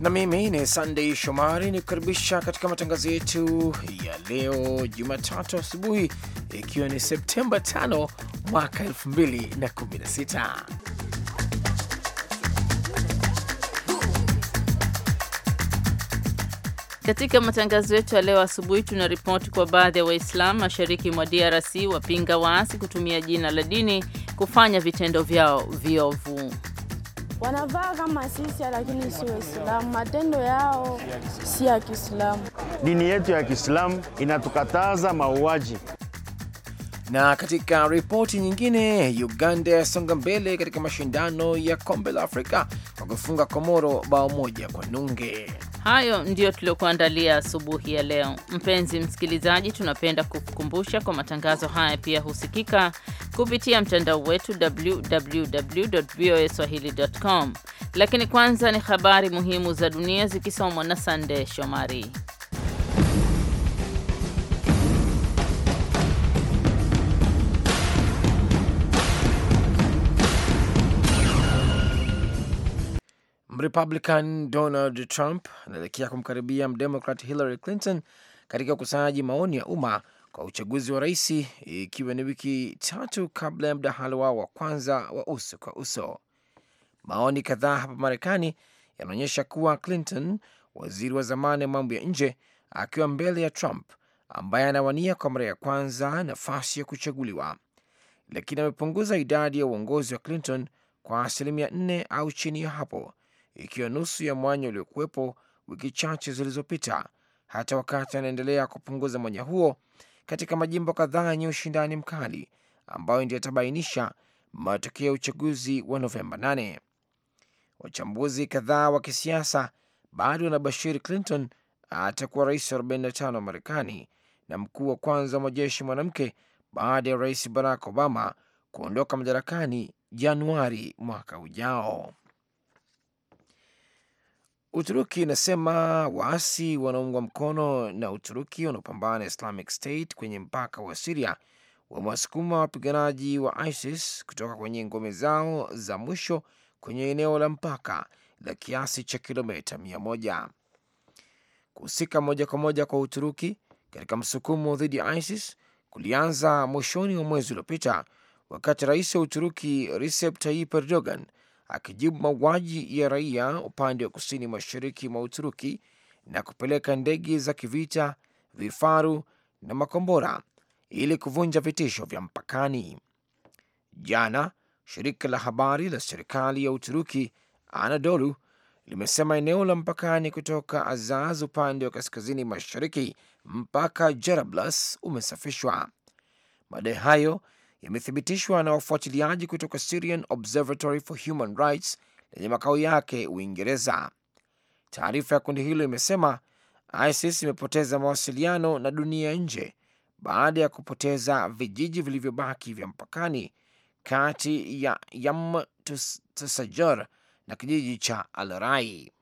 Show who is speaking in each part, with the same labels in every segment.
Speaker 1: na mimi ni sandey Shomari ni kukaribisha katika matangazo yetu ya leo Jumatatu asubuhi, ikiwa ni Septemba 5 mwaka 2016.
Speaker 2: Katika matangazo yetu ya leo asubuhi tuna ripoti kwa baadhi ya Waislam mashariki mwa DRC wapinga waasi kutumia jina la dini kufanya vitendo vyao viovu
Speaker 3: wanavaa kama sisi, lakini si Waislamu. Matendo yao si ya Kiislamu.
Speaker 4: Dini yetu ya Kiislamu inatukataza mauaji.
Speaker 1: Na katika ripoti nyingine, Uganda yasonga mbele katika mashindano ya kombe la Afrika kwa kufunga Komoro bao moja kwa nunge.
Speaker 2: Hayo ndiyo tuliokuandalia asubuhi ya leo. Mpenzi msikilizaji, tunapenda kukukumbusha kwa matangazo haya pia husikika kupitia mtandao wetu www voa www.voaswahili.com. Lakini kwanza ni habari muhimu za dunia zikisomwa na sandey Shomari.
Speaker 1: Mrepublican Donald Trump anaelekea kumkaribia mdemokrat Hillary Clinton katika ukusanyaji maoni ya umma kwa uchaguzi wa rais, ikiwa ni wiki tatu kabla ya mdahalo wao wa kwanza wa uso kwa uso. Maoni kadhaa hapa Marekani yanaonyesha kuwa Clinton, waziri wa zamani wa mambo ya nje, akiwa mbele ya Trump ambaye anawania kwa mara ya kwanza nafasi ya kuchaguliwa, lakini amepunguza idadi ya uongozi wa Clinton kwa asilimia nne au chini ya hapo ikiwa nusu ya mwanya uliokuwepo wiki chache zilizopita, hata wakati anaendelea kupunguza mwanya huo katika majimbo kadhaa yenye ushindani mkali ambayo ndio yatabainisha matokeo ya uchaguzi wa Novemba 8. Wachambuzi kadhaa wa kisiasa bado wanabashiri Clinton atakuwa rais wa 45 wa Marekani na mkuu wa kwanza wa majeshi mwanamke baada ya rais Barack Obama kuondoka madarakani Januari mwaka ujao. Uturuki inasema waasi wanaungwa mkono na Uturuki wanaopambana na Islamic State kwenye mpaka wa Siria wamewasukuma wapiganaji wa ISIS kutoka kwenye ngome zao za mwisho kwenye eneo la mpaka la kiasi cha kilomita mia moja. Kuhusika moja kwa moja kwa Uturuki katika msukumo dhidi ya ISIS kulianza mwishoni mwa mwezi uliopita wakati rais wa Uturuki Recep Tayyip Erdogan akijibu mauaji ya raia upande wa kusini mashariki mwa Uturuki na kupeleka ndege za kivita, vifaru na makombora ili kuvunja vitisho vya mpakani. Jana shirika la habari la serikali ya Uturuki Anadolu limesema eneo la mpakani kutoka Azaz upande wa kaskazini mashariki mpaka Jarablus umesafishwa. Madai hayo yamethibitishwa na wafuatiliaji kutoka Syrian Observatory for Human Rights lenye makao yake Uingereza. Taarifa ya kundi hilo imesema ISIS imepoteza mawasiliano na dunia ya nje baada ya kupoteza vijiji vilivyobaki vya mpakani kati ya Yam Tusajor na kijiji cha Alrai.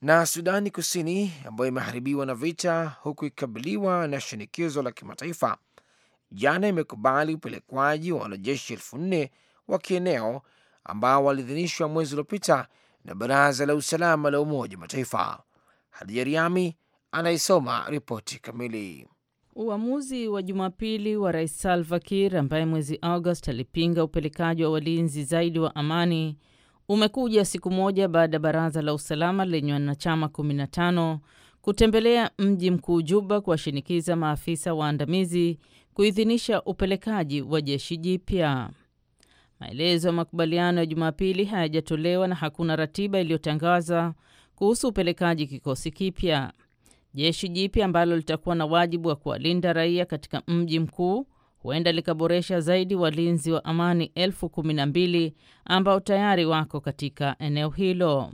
Speaker 1: Na Sudani Kusini ambayo imeharibiwa na vita, huku ikikabiliwa na shinikizo la kimataifa jana imekubali upelekwaji wa wanajeshi elfu nne wa kieneo ambao waliidhinishwa mwezi uliopita na Baraza la Usalama la Umoja wa Mataifa. Hadija Riami anaisoma ripoti kamili.
Speaker 2: Uamuzi wa Jumapili wa Rais Salva Kiir ambaye mwezi Agosti alipinga upelekaji wa walinzi zaidi wa amani umekuja siku moja baada ya baraza la usalama lenye wanachama 15 kutembelea mji mkuu Juba kuwashinikiza maafisa waandamizi kuidhinisha upelekaji wa jeshi jipya. Maelezo ya makubaliano ya Jumapili hayajatolewa na hakuna ratiba iliyotangaza kuhusu upelekaji kikosi kipya. Jeshi jipya ambalo litakuwa na wajibu wa kuwalinda raia katika mji mkuu huenda likaboresha zaidi walinzi wa amani elfu kumi na mbili ambao tayari wako katika eneo hilo.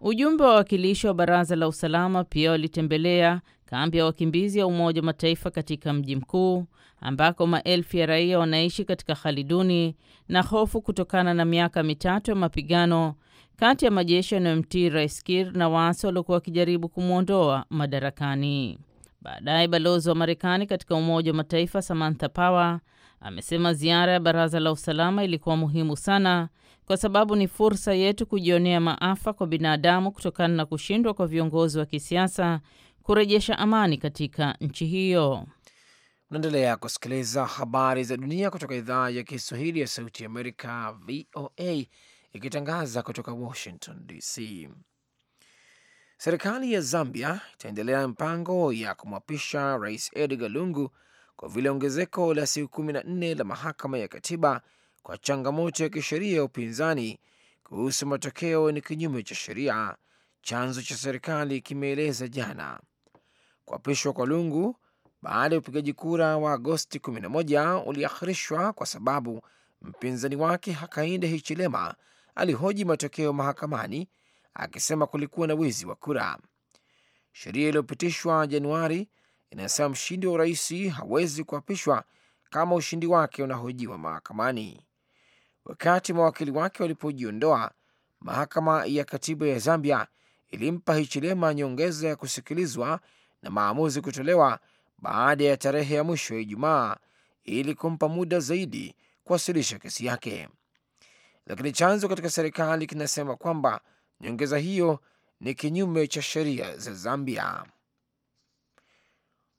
Speaker 2: Ujumbe wa wawakilishi wa Baraza la Usalama pia walitembelea kambi ya wakimbizi ya Umoja wa Mataifa katika mji mkuu ambako maelfu ya raia wanaishi katika hali duni na hofu kutokana na miaka mitatu ya mapigano kati ya majeshi yanayomtii Rais Kir na waasi waliokuwa wakijaribu kumwondoa madarakani. Baadaye balozi wa Marekani katika Umoja wa Mataifa Samantha Power amesema ziara ya Baraza la Usalama ilikuwa muhimu sana kwa sababu ni fursa yetu kujionea maafa kwa binadamu kutokana na kushindwa kwa viongozi wa kisiasa kurejesha amani katika nchi hiyo.
Speaker 1: Unaendelea kusikiliza habari za dunia kutoka idhaa ya Kiswahili ya Sauti ya
Speaker 2: Amerika, VOA,
Speaker 1: ikitangaza kutoka Washington DC. Serikali ya Zambia itaendelea mpango ya kumwapisha Rais Edgar Lungu kwa vile ongezeko la siku kumi na nne la mahakama ya katiba kwa changamoto ya kisheria ya upinzani kuhusu matokeo ni kinyume cha sheria, chanzo cha serikali kimeeleza jana. Kuapishwa kwa Lungu baada ya upigaji kura wa Agosti 11 uliakhirishwa kwa sababu mpinzani wake Hakainde Hichilema alihoji matokeo mahakamani akisema kulikuwa na wizi wa kura. Sheria iliyopitishwa Januari inasema mshindi wa urais hawezi kuapishwa kama ushindi wake unahojiwa mahakamani. Wakati mawakili wake walipojiondoa, mahakama ya katiba ya Zambia ilimpa Hichilema nyongeza ya kusikilizwa na maamuzi kutolewa baada ya tarehe ya mwisho ya Ijumaa ili kumpa muda zaidi kuwasilisha kesi yake, lakini chanzo katika serikali kinasema kwamba nyongeza hiyo ni kinyume cha sheria za Zambia.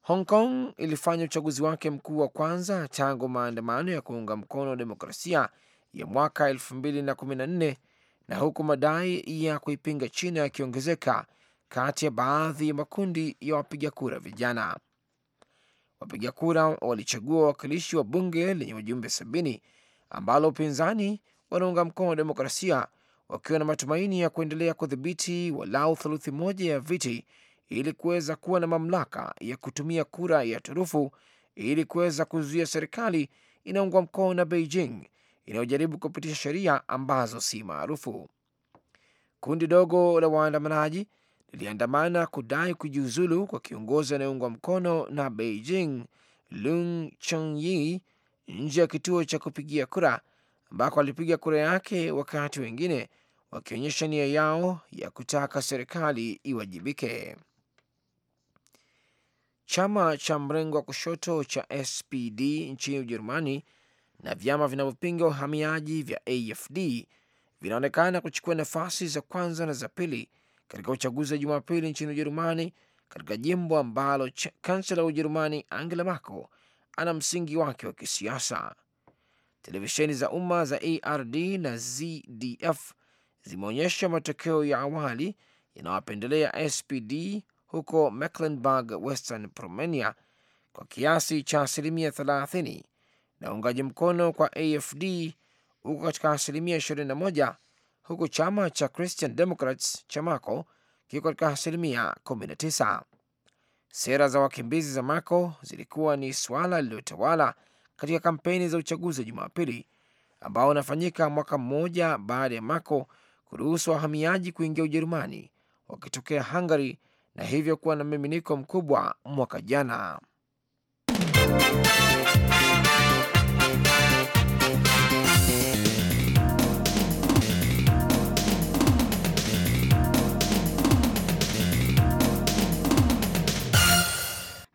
Speaker 1: Hong Kong ilifanya uchaguzi wake mkuu wa kwanza tangu maandamano ya kuunga mkono demokrasia ya mwaka 2014 na huku madai ya kuipinga China yakiongezeka kati ya baadhi ya makundi ya wapiga kura vijana. Wapiga kura walichagua wawakilishi wa bunge lenye wajumbe sabini ambalo upinzani wanaunga mkono wa demokrasia wakiwa na matumaini ya kuendelea kudhibiti walau theluthi moja ya viti ili kuweza kuwa na mamlaka ya kutumia kura ya turufu ili kuweza kuzuia serikali inaungwa mkono na Beijing inayojaribu kupitisha sheria ambazo si maarufu. Kundi dogo la waandamanaji liliandamana kudai kujiuzulu kwa kiongozi anayeungwa mkono na Beijing Lung Chongyi nje ya kituo cha kupigia kura ambako alipiga kura yake, wakati wengine wakionyesha nia yao ya kutaka serikali iwajibike. Chama cha mrengo wa kushoto cha SPD nchini Ujerumani na vyama vinavyopinga uhamiaji vya AFD vinaonekana kuchukua nafasi za kwanza na za pili katika uchaguzi wa Jumapili nchini Ujerumani, katika jimbo ambalo kansela wa Ujerumani Angela Merkel ana msingi wake wa kisiasa. Televisheni za umma za ARD e na ZDF zimeonyesha matokeo ya awali yanawapendelea SPD huko Mecklenburg Western Pomerania kwa kiasi cha asilimia 30 na uungaji mkono kwa AFD huko katika asilimia 21 huku chama cha Christian Democrats Mako kiko katika asilimia 19. Sera za wakimbizi za Mako zilikuwa ni suala lililotawala katika kampeni za uchaguzi wa Jumapili ambao unafanyika mwaka mmoja baada ya Mako kuruhusu wahamiaji kuingia Ujerumani wakitokea Hungary na hivyo kuwa na mmiminiko mkubwa mwaka jana.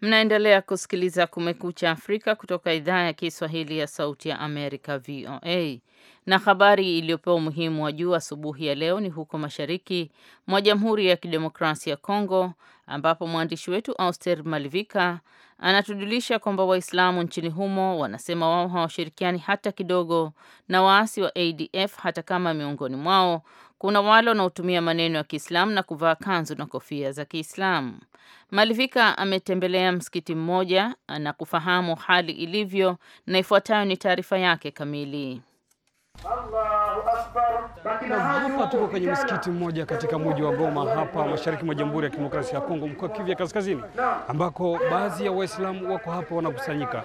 Speaker 2: Mnaendelea kusikiliza Kumekucha Afrika kutoka idhaa ya Kiswahili ya Sauti ya Amerika, VOA. Na habari iliyopewa umuhimu wa juu asubuhi ya leo ni huko mashariki mwa Jamhuri ya Kidemokrasia ya Kongo, ambapo mwandishi wetu Auster Malivika anatudulisha kwamba Waislamu nchini humo wanasema wao hawashirikiani hata kidogo na waasi wa ADF hata kama miongoni mwao kuna wale wanaotumia maneno ya Kiislamu na kuvaa kanzu na kofia za Kiislamu. Malivika ametembelea msikiti mmoja na kufahamu hali ilivyo, na ifuatayo ni taarifa yake kamili.
Speaker 5: Hapa tuko kwenye msikiti mmoja katika mji wa Goma hapa mashariki mwa Jamhuri ya Kidemokrasia ya Kongo, mkoa Kivu ya Kaskazini, ambako baadhi ya Waislamu wako hapa wanakusanyika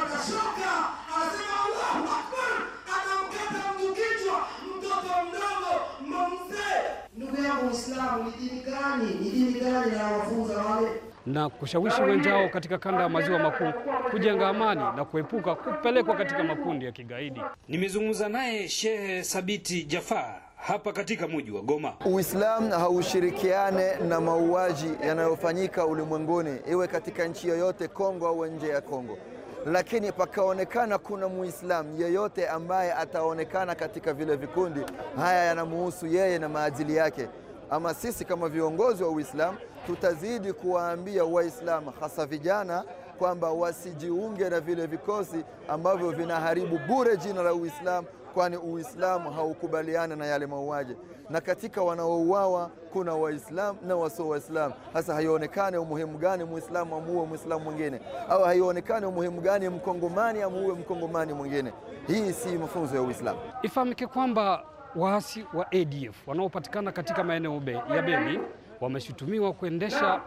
Speaker 5: na kushawishi wenzao katika kanda ya maziwa makuu kujenga amani na kuepuka kupelekwa katika makundi ya kigaidi. Nimezungumza naye Shehe Sabiti Jafar hapa katika mji wa Goma.
Speaker 4: Uislamu haushirikiane na mauaji yanayofanyika ulimwenguni, iwe katika nchi yoyote, Kongo au nje ya Kongo. Lakini pakaonekana kuna muislamu yeyote ambaye ataonekana katika vile vikundi, haya yanamuhusu yeye na maadili yake ama sisi kama viongozi wa Uislamu tutazidi kuwaambia Waislamu hasa vijana kwamba wasijiunge na vile vikosi ambavyo vinaharibu bure jina la Uislamu, kwani Uislamu haukubaliana na yale mauaji. Na katika wanaouawa kuna Waislamu na wasio Waislamu. Hasa haionekane umuhimu gani Muislamu amuue Muislamu mwingine, au haionekane umuhimu gani Mkongomani amuue Mkongomani
Speaker 5: mwingine. Hii si mafunzo ya Uislamu. Ifahamike kwamba waasi wa ADF wanaopatikana katika maeneo ya Beni wameshutumiwa kuendesha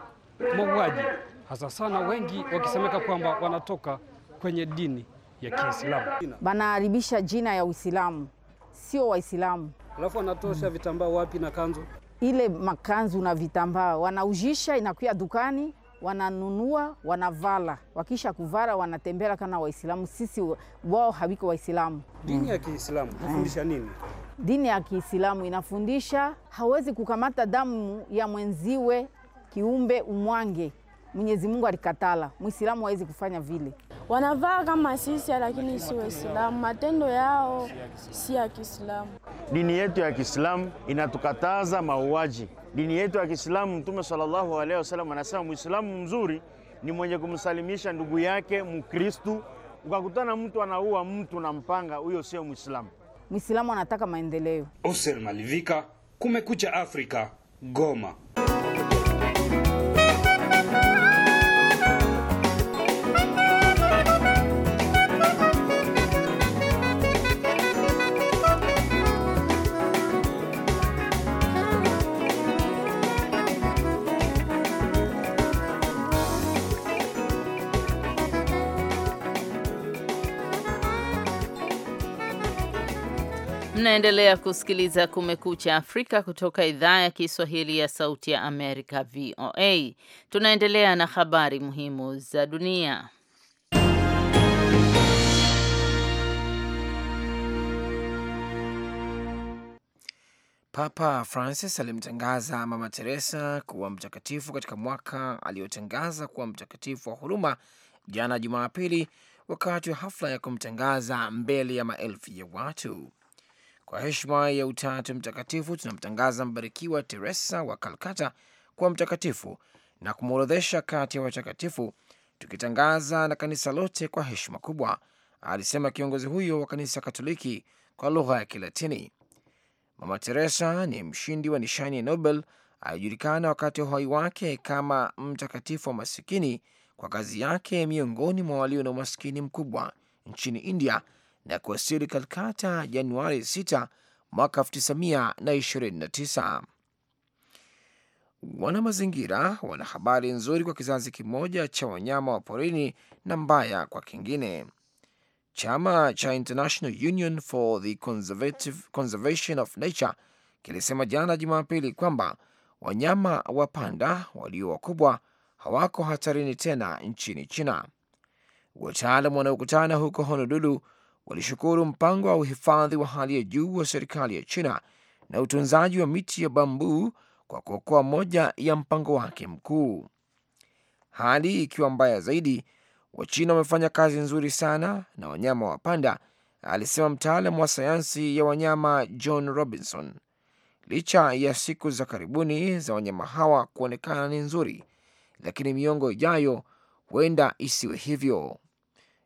Speaker 5: mauaji, hasa sana wengi wakisemeka kwamba wanatoka kwenye dini ya Kiislamu.
Speaker 2: Banaharibisha jina ya Uislamu, sio Waislamu. Alafu wanatosha vitambaa
Speaker 5: wapi na kanzu
Speaker 2: ile makanzu na vitambaa wanaujisha, inakuya dukani wananunua, wanavala. Wakisha kuvala wanatembea kana Waislamu. Sisi wao hawiko Waislamu. Dini ya
Speaker 5: Kiislamu kufundisha nini?
Speaker 2: Dini ya Kiislamu inafundisha hawezi kukamata damu ya mwenziwe kiumbe umwange.
Speaker 3: Mwenyezi Mungu alikatala, Muislamu hawezi kufanya vile. Wanavaa kama sisi, lakini si Waislamu. Matendo yao si ya Kiislamu.
Speaker 4: Dini yetu ya Kiislamu inatukataza mauaji. Dini yetu ya Kiislamu, Mtume sallallahu alaihi wasallam anasema Muislamu mzuri ni mwenye kumsalimisha ndugu yake Mkristu. Ukakutana mtu anaua mtu na mpanga, huyo sio Muislamu.
Speaker 2: Mwislamu anataka maendeleo. Oser Malivika,
Speaker 5: Kumekucha Afrika, Goma.
Speaker 2: Mnaendelea kusikiliza Kumekucha Afrika kutoka idhaa ya Kiswahili ya Sauti ya Amerika, VOA. Tunaendelea na habari muhimu za dunia.
Speaker 5: Papa
Speaker 1: Francis alimtangaza Mama Teresa kuwa mtakatifu katika mwaka aliyotangaza kuwa mtakatifu wa huruma jana Jumapili, wakati wa hafla ya kumtangaza mbele ya maelfu ya watu. Kwa heshima ya Utatu Mtakatifu, tunamtangaza mbarikiwa Teresa wa Kalkata kuwa mtakatifu na kumworodhesha kati ya watakatifu, tukitangaza na kanisa lote kwa heshima kubwa, alisema kiongozi huyo wa kanisa Katoliki kwa lugha ya Kilatini. Mama Teresa ni mshindi wa nishani ya Nobel alijulikana wakati wa uhai wake kama mtakatifu wa masikini kwa kazi yake miongoni mwa walio na umasikini mkubwa nchini India na kuwasili Kalkata Januari 6 mwaka 1929. Wana mazingira wana habari nzuri kwa kizazi kimoja cha wanyama wa porini na mbaya kwa kingine. Chama cha International Union for the Conservation of Nature kilisema jana Jumapili kwamba wanyama wa panda walio wakubwa hawako hatarini tena nchini China. Wataalam wanaokutana huko Honolulu walishukuru mpango wa uhifadhi wa hali ya juu wa serikali ya China na utunzaji wa miti ya bambu kwa kuokoa moja ya mpango wake mkuu. Hali ikiwa mbaya zaidi, Wachina wamefanya kazi nzuri sana na wanyama wa panda, alisema mtaalam wa sayansi ya wanyama John Robinson. Licha ya siku za karibuni za wanyama hawa kuonekana ni nzuri, lakini miongo ijayo huenda isiwe hivyo.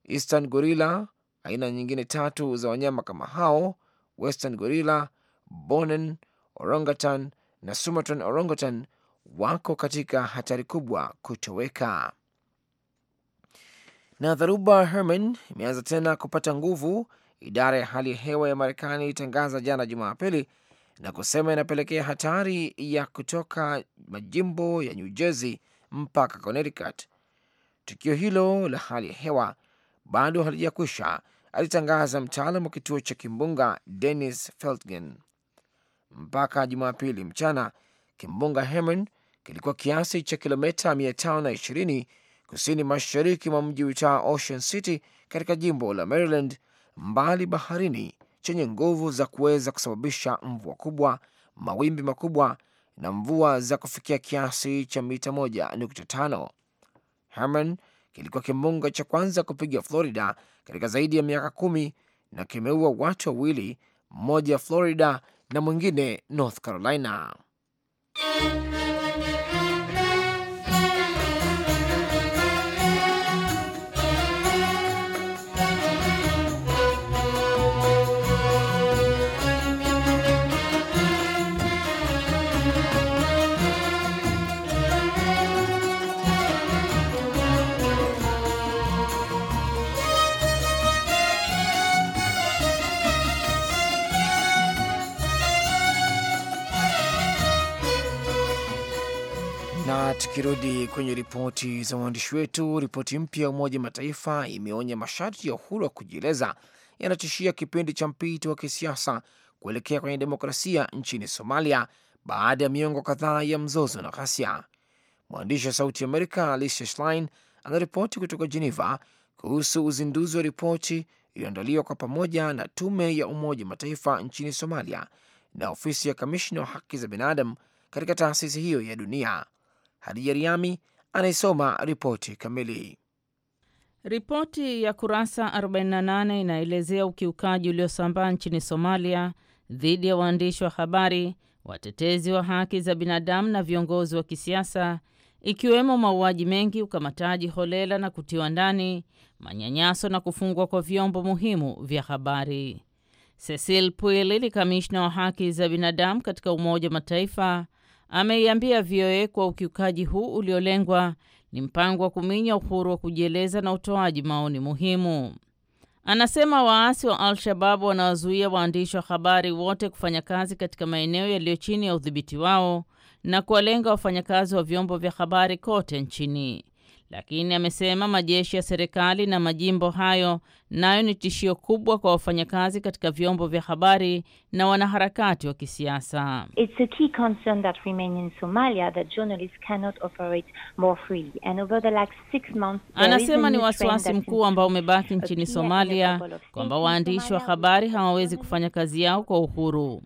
Speaker 1: Eastern gorilla Aina nyingine tatu za wanyama kama hao, western gorilla, bonen orangutan na sumatran orangutan, wako katika hatari kubwa kutoweka. Na dharuba Herman imeanza tena kupata nguvu, idara ya hali ya hewa ya Marekani ilitangaza jana pili na kusema inapelekea hatari ya kutoka majimbo ya New Jersey mpaka Connecticut. Tukio hilo la hali ya hewa bado halijakwisha, alitangaza mtaalam wa kituo cha kimbunga Dennis Feltgen. Mpaka Jumapili mchana, kimbunga Herman kilikuwa kiasi cha kilomita 520 kusini mashariki mwa mji utao Ocean City katika jimbo la Maryland, mbali baharini, chenye nguvu za kuweza kusababisha mvua kubwa, mawimbi makubwa na mvua za kufikia kiasi cha mita 1.5. Herman kilikuwa kimbunga cha kwanza kupiga Florida katika zaidi ya miaka kumi na kimeua watu wawili, mmoja Florida na mwingine North Carolina. tukirudi kwenye ripoti za waandishi wetu, ripoti mpya ya Umoja Mataifa imeonya masharti ya uhuru wa kujieleza yanatishia kipindi cha mpito wa kisiasa kuelekea kwenye demokrasia nchini Somalia baada ya miongo kadhaa ya mzozo na ghasia. Mwandishi wa Sauti Amerika Alicia Schlein anaripoti kutoka Geneva kuhusu uzinduzi wa ripoti iliyoandaliwa kwa pamoja na Tume ya Umoja Mataifa nchini Somalia na ofisi ya kamishna wa haki za binadamu katika taasisi hiyo ya dunia. Hadija Riami anayesoma ripoti kamili.
Speaker 2: Ripoti ya kurasa 48 inaelezea ukiukaji uliosambaa nchini Somalia dhidi ya waandishi wa habari, watetezi wa haki za binadamu na viongozi wa kisiasa, ikiwemo mauaji mengi, ukamataji holela na kutiwa ndani, manyanyaso na kufungwa kwa vyombo muhimu vya habari. Cecil Puili ni kamishna wa haki za binadamu katika Umoja wa Mataifa ameiambia VOA kwa ukiukaji huu uliolengwa ni mpango wa kuminya uhuru wa kujieleza na utoaji maoni muhimu. Anasema waasi wa Al-Shababu wanawazuia waandishi wa habari wote kufanya kazi katika maeneo yaliyo chini ya udhibiti wao na kuwalenga wafanyakazi wa vyombo vya habari kote nchini lakini amesema majeshi ya serikali na majimbo hayo nayo ni tishio kubwa kwa wafanyakazi katika vyombo vya habari na wanaharakati wa kisiasa. Anasema ni wasiwasi mkuu ambao umebaki nchini Somalia kwamba waandishi wa habari hawawezi kufanya kazi yao kwa uhuru.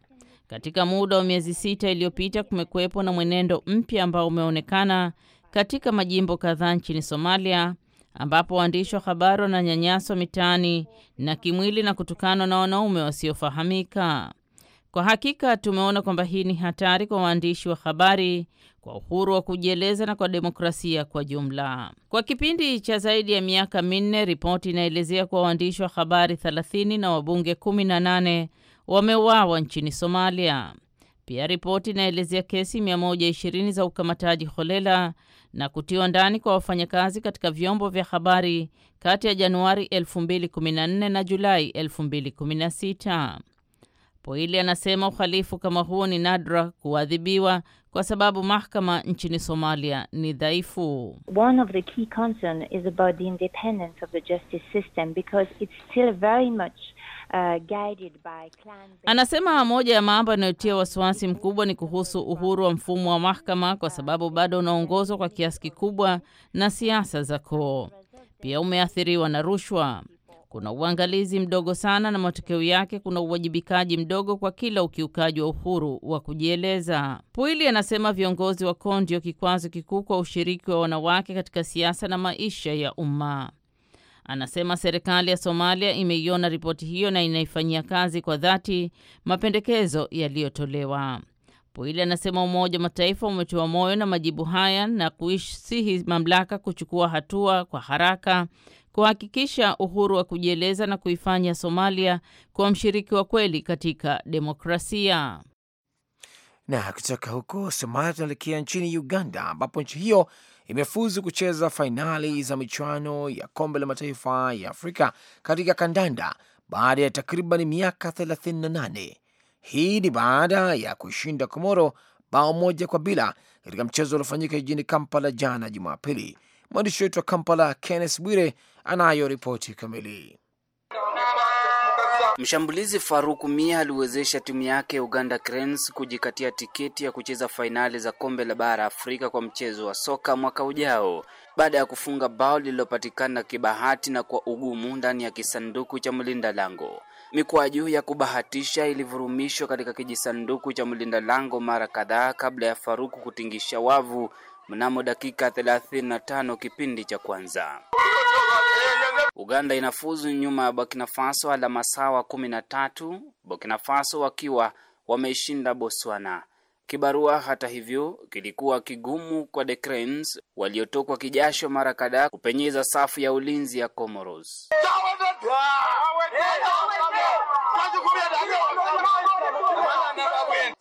Speaker 2: Katika muda wa miezi sita iliyopita, kumekuwepo na mwenendo mpya ambao umeonekana katika majimbo kadhaa nchini Somalia ambapo waandishi wa habari wananyanyaswa mitaani na kimwili na kutukanwa na wanaume wasiofahamika. Kwa hakika tumeona kwamba hii ni hatari kwa waandishi wa habari, kwa uhuru wa kujieleza na kwa demokrasia kwa jumla. Kwa kipindi cha zaidi ya miaka minne, ripoti inaelezea kuwa waandishi wa habari 30 na wabunge 18 wameuawa nchini Somalia. Pia ripoti inaelezea kesi 120 za ukamataji holela na kutiwa ndani kwa wafanyakazi katika vyombo vya habari kati ya Januari 2014 na Julai 2016. Poili anasema uhalifu kama huo ni nadra kuadhibiwa kwa sababu mahakama nchini Somalia ni dhaifu. One of the key concern is about the independence of the justice system because it's still very much Uh, anasema moja ya mambo yanayotia wasiwasi mkubwa ni kuhusu uhuru wa mfumo wa mahakama kwa sababu bado unaongozwa kwa kiasi kikubwa na siasa za koo. Pia umeathiriwa na rushwa. Kuna uangalizi mdogo sana, na matokeo yake kuna uwajibikaji mdogo kwa kila ukiukaji wa uhuru wa kujieleza. Pwili anasema viongozi wa koo ndio kikwazo kikuu kwa ushiriki wa wanawake katika siasa na maisha ya umma. Anasema serikali ya Somalia imeiona ripoti hiyo na inaifanyia kazi kwa dhati mapendekezo yaliyotolewa. Poile anasema Umoja wa Mataifa umetiwa moyo na majibu haya na kuisihi mamlaka kuchukua hatua kwa haraka kuhakikisha uhuru wa kujieleza na kuifanya Somalia kuwa mshiriki wa kweli katika demokrasia.
Speaker 1: Na kutoka huko Somalia tunaelekea nchini Uganda ambapo nchi hiyo imefuzu kucheza fainali za michuano ya kombe la mataifa ya Afrika katika kandanda baada ya takriban miaka 38. Hii ni baada ya kushinda Komoro bao moja kwa bila katika mchezo uliofanyika jijini Kampala jana Jumapili. Mwandishi wetu wa Kampala, Kenneth Bwire, anayo ripoti kamili.
Speaker 4: Mshambulizi faruk Mia aliwezesha timu yake Uganda Cranes kujikatia tiketi ya kucheza fainali za kombe la bara Afrika kwa mchezo wa soka mwaka ujao baada ya kufunga bao lililopatikana kibahati na kwa ugumu ndani ya kisanduku cha mlinda lango. Mikwaju ya kubahatisha ilivurumishwa katika kijisanduku cha mlinda lango mara kadhaa kabla ya Faruku kutingisha wavu mnamo dakika 35 kipindi cha kwanza. Uganda inafuzu nyuma ya Burkina Faso alama sawa kumi na tatu, Burkina Faso wakiwa wameishinda Botswana. Kibarua hata hivyo kilikuwa kigumu kwa the Cranes waliotokwa kijasho mara kadhaa kupenyeza safu ya ulinzi ya Comoros.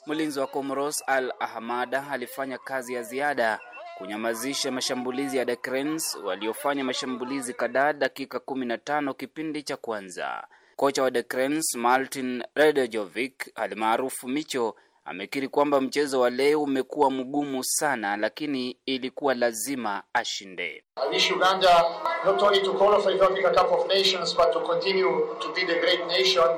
Speaker 4: Mlinzi wa Comoros Al Ahmada alifanya kazi ya ziada kunyamazisha mashambulizi ya dekrens waliofanya mashambulizi kadhaa dakika 15 kipindi cha kwanza. Kocha wa dekrens Martin Redejovic alimaarufu Micho amekiri kwamba mchezo wa leo umekuwa mgumu sana, lakini ilikuwa lazima ashinde.
Speaker 1: Uganda, not only to qualify for the Cup of Nations, but to continue to be the great nation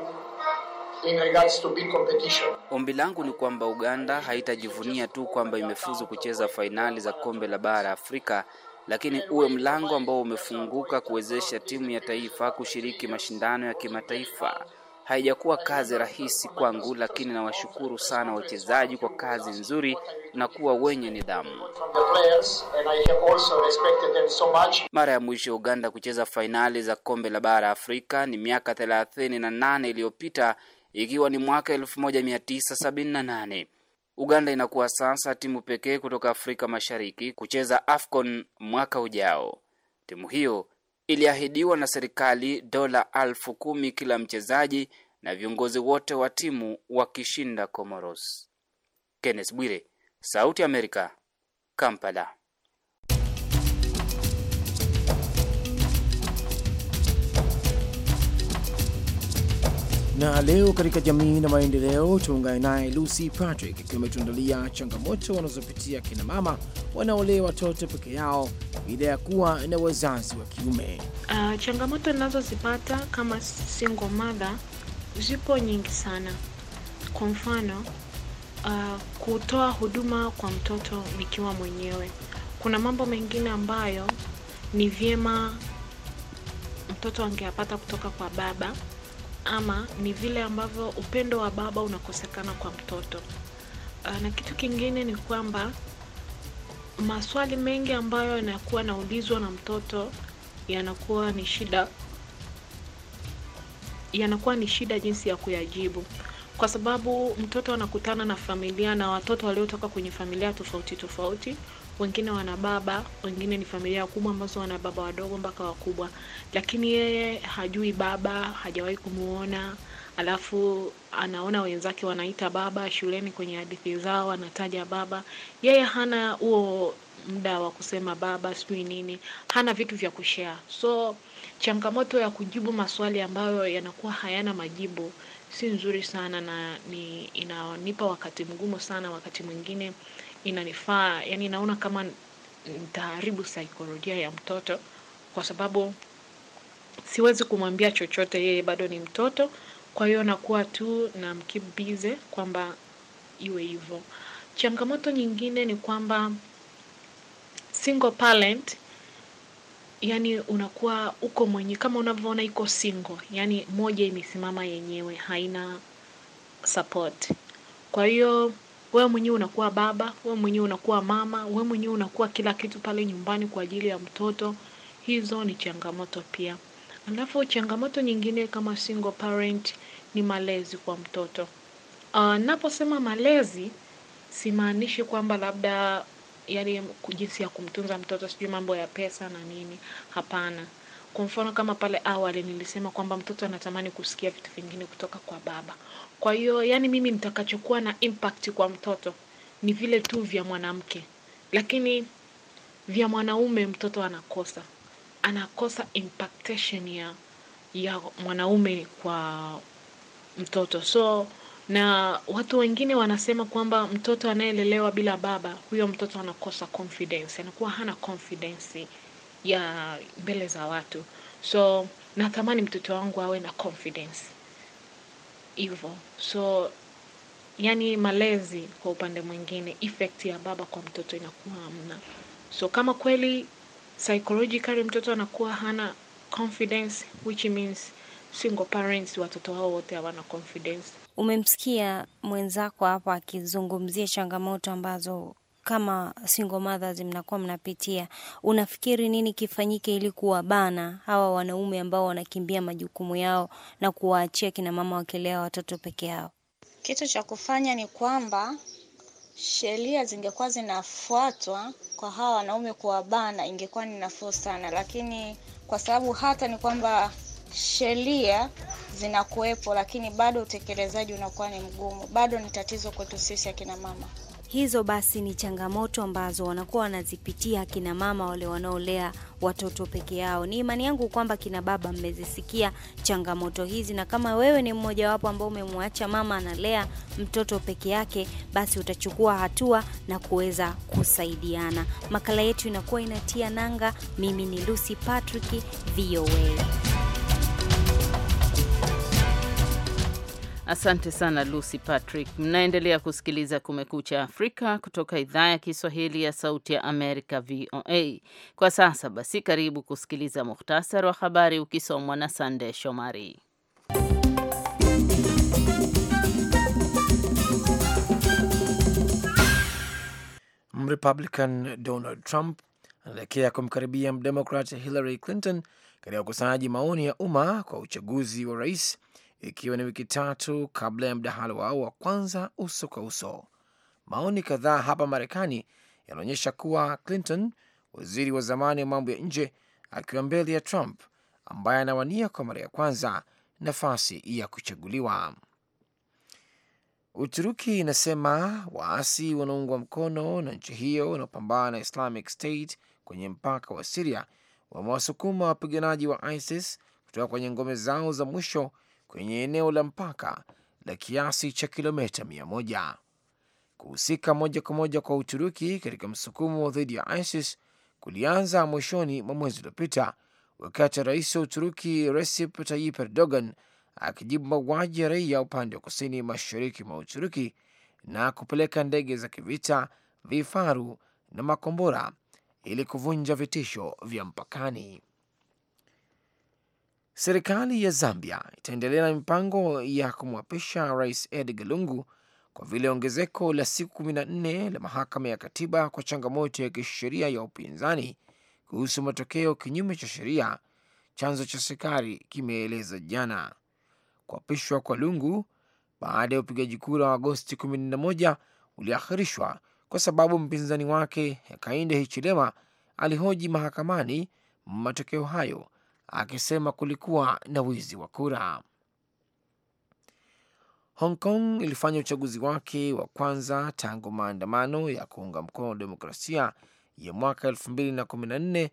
Speaker 1: in regards to big competition.
Speaker 4: Ombi langu ni kwamba Uganda haitajivunia tu kwamba imefuzu kucheza fainali za kombe la bara Afrika, lakini uwe mlango ambao umefunguka kuwezesha timu ya taifa kushiriki mashindano ya kimataifa. Haijakuwa kazi rahisi kwangu, lakini nawashukuru sana wachezaji kwa kazi nzuri na kuwa wenye nidhamu. Mara ya mwisho Uganda kucheza fainali za kombe la bara Afrika ni miaka 38 iliyopita ikiwa ni mwaka 1978. Uganda inakuwa sasa timu pekee kutoka Afrika Mashariki kucheza AFCON mwaka ujao. Timu hiyo iliahidiwa na serikali dola elfu kumi kila mchezaji na viongozi wote wa timu wakishinda Comoros. Kenneth Bwire, Sauti ya Amerika, Kampala.
Speaker 1: Na leo katika jamii na maendeleo tuungane naye Lucy Patrick akiwa ametuandalia changamoto wanazopitia kina mama wanaolea watoto peke yao bila ya kuwa na wazazi wa kiume.
Speaker 3: Uh, changamoto ninazozipata kama single mother zipo nyingi sana. Kwa mfano, uh, kutoa huduma kwa mtoto nikiwa mwenyewe. Kuna mambo mengine ambayo ni vyema mtoto angeyapata kutoka kwa baba ama ni vile ambavyo upendo wa baba unakosekana kwa mtoto. Ah, na kitu kingine ni kwamba maswali mengi ambayo yanakuwa yanaulizwa na mtoto yanakuwa ni shida, yanakuwa ni shida jinsi ya kuyajibu, kwa sababu mtoto anakutana na familia na watoto waliotoka kwenye familia tofauti tofauti wengine wana baba, wengine ni familia kubwa ambazo wana baba wadogo mpaka wakubwa, lakini yeye hajui baba, hajawahi kumuona. Alafu anaona wenzake wanaita baba shuleni, kwenye hadithi zao anataja baba, yeye hana huo muda wa kusema baba sijui nini, hana vitu vya kushea So changamoto ya kujibu maswali ambayo yanakuwa hayana majibu si nzuri sana, na ni inanipa wakati mgumu sana wakati mwingine inanifaa, yani naona kama nitaharibu saikolojia ya mtoto, kwa sababu siwezi kumwambia chochote, yeye bado ni mtoto. Kwa hiyo nakuwa tu na mkibize kwamba iwe hivyo. Changamoto nyingine ni kwamba single parent, yani unakuwa uko mwenye kama unavyoona iko single, yani moja imesimama yenyewe haina support. Kwa hiyo wewe mwenyewe unakuwa baba, wewe mwenyewe unakuwa mama, wewe mwenyewe unakuwa kila kitu pale nyumbani kwa ajili ya mtoto. Hizo ni changamoto pia. Alafu changamoto nyingine kama single parent ni malezi kwa mtoto. Uh, naposema malezi simaanishi kwamba labda yani jinsi ya kumtunza mtoto, sijui mambo ya pesa na nini. Hapana. Kwa mfano kama pale awali nilisema kwamba mtoto anatamani kusikia vitu vingine kutoka kwa baba. Kwa hiyo yani mimi nitakachokuwa na impact kwa mtoto ni vile tu vya mwanamke, lakini vya mwanaume mtoto anakosa anakosa impactation ya ya mwanaume kwa mtoto so na watu wengine wanasema kwamba mtoto anayelelewa bila baba, huyo mtoto anakosa confidence, anakuwa hana confidence ya mbele za watu. So natamani mtoto wangu awe na confidence hivyo so yani malezi kwa upande mwingine effect ya baba kwa mtoto inakuwa hamna so kama kweli psychologically mtoto anakuwa hana confidence which means single parents watoto wao wote hawana confidence
Speaker 4: umemsikia mwenzako hapo akizungumzia changamoto ambazo kama single mothers mnakuwa mnapitia, unafikiri nini kifanyike ili kuwabana hawa wanaume ambao wanakimbia majukumu yao na kuwaachia kina mama wakilea watoto peke yao? Kitu cha kufanya ni kwamba sheria zingekuwa zinafuatwa kwa hawa wanaume kuwabana, ingekuwa ni nafuu sana, lakini kwa sababu hata ni kwamba sheria zinakuwepo, lakini bado utekelezaji unakuwa ni mgumu. Bado ni tatizo kwetu sisi akina mama. Hizo basi ni changamoto ambazo wanakuwa wanazipitia kina mama wale wanaolea watoto peke yao. Ni imani yangu kwamba kina baba mmezisikia changamoto hizi, na kama wewe ni mmoja wapo ambao umemwacha mama analea mtoto peke yake, basi utachukua hatua na kuweza kusaidiana. Makala yetu inakuwa inatia nanga. Mimi
Speaker 2: ni Lucy Patrick, VOA. Asante sana Lucy Patrick. Mnaendelea kusikiliza Kumekucha Afrika kutoka idhaa ya Kiswahili ya Sauti ya Amerika, VOA. Kwa sasa basi, karibu kusikiliza muhtasari wa habari ukisomwa na Sande Shomari.
Speaker 1: Mrepublican Donald Trump anaelekea kumkaribia Mdemokrat Hillary Clinton katika ukusanyaji maoni ya umma kwa uchaguzi wa rais ikiwa ni wiki tatu kabla ya mdahalo wao wa kwanza uso kwa uso. Maoni kadhaa hapa Marekani yanaonyesha kuwa Clinton, waziri wa zamani wa mambo ya nje, akiwa mbele ya Trump ambaye anawania kwa mara ya kwanza nafasi ya kuchaguliwa. Uturuki inasema waasi wanaungwa mkono na nchi hiyo wanaopambana na Islamic State kwenye mpaka wa Siria wamewasukuma wapiganaji wa ISIS kutoka kwenye ngome zao za mwisho kwenye eneo la mpaka la kiasi cha kilomita mia moja. Kuhusika moja kwa moja kwa Uturuki katika msukumo dhidi ya ISIS kulianza mwishoni mwa mwezi uliopita wakati rais wa Uturuki Recep Tayyip Erdogan akijibu mauaji ya raia upande wa kusini mashariki mwa Uturuki na kupeleka ndege za kivita, vifaru na makombora ili kuvunja vitisho vya mpakani. Serikali ya Zambia itaendelea na mipango ya kumwapisha Rais Edgar Lungu kwa vile ongezeko la siku kumi na nne la mahakama ya katiba kwa changamoto ya kisheria ya upinzani kuhusu matokeo kinyume cha sheria, chanzo cha serikali kimeeleza jana. Kuapishwa kwa Lungu baada ya upigaji kura wa Agosti 11 uliahirishwa kwa sababu mpinzani wake Hakainde Hichilema alihoji mahakamani matokeo hayo akisema kulikuwa na wizi wa kura. Hong Kong ilifanya uchaguzi wake wa kwanza tangu maandamano ya kuunga mkono demokrasia ya mwaka 2014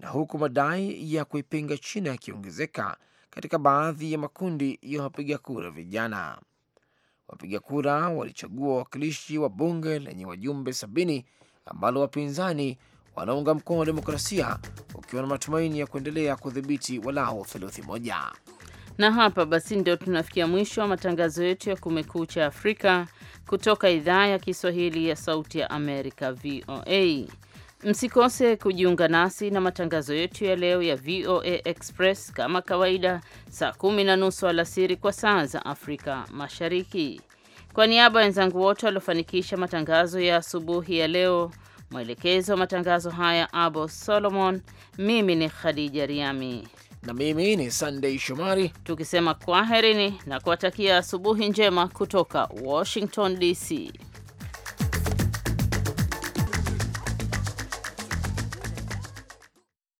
Speaker 1: na huku madai ya kuipinga China yakiongezeka katika baadhi ya makundi ya wapiga kura vijana. Wapiga kura walichagua wawakilishi wa bunge lenye wajumbe sabini ambalo wapinzani wanaunga mkono wa demokrasia ukiwa na matumaini ya kuendelea kudhibiti walao theluthi moja.
Speaker 2: Na hapa basi ndio tunafikia mwisho wa matangazo yetu ya Kumekucha Afrika kutoka idhaa ya Kiswahili ya Sauti ya Amerika, VOA. Msikose kujiunga nasi na matangazo yetu ya leo ya VOA Express kama kawaida, saa kumi na nusu alasiri kwa saa za Afrika Mashariki. Kwa niaba ya wenzangu wote waliofanikisha matangazo ya asubuhi ya leo Mwelekezi wa matangazo haya Abo Solomon, mimi ni Khadija Riami na mimi ni Sandei Shomari, tukisema kwaherini na kuwatakia asubuhi njema kutoka Washington DC.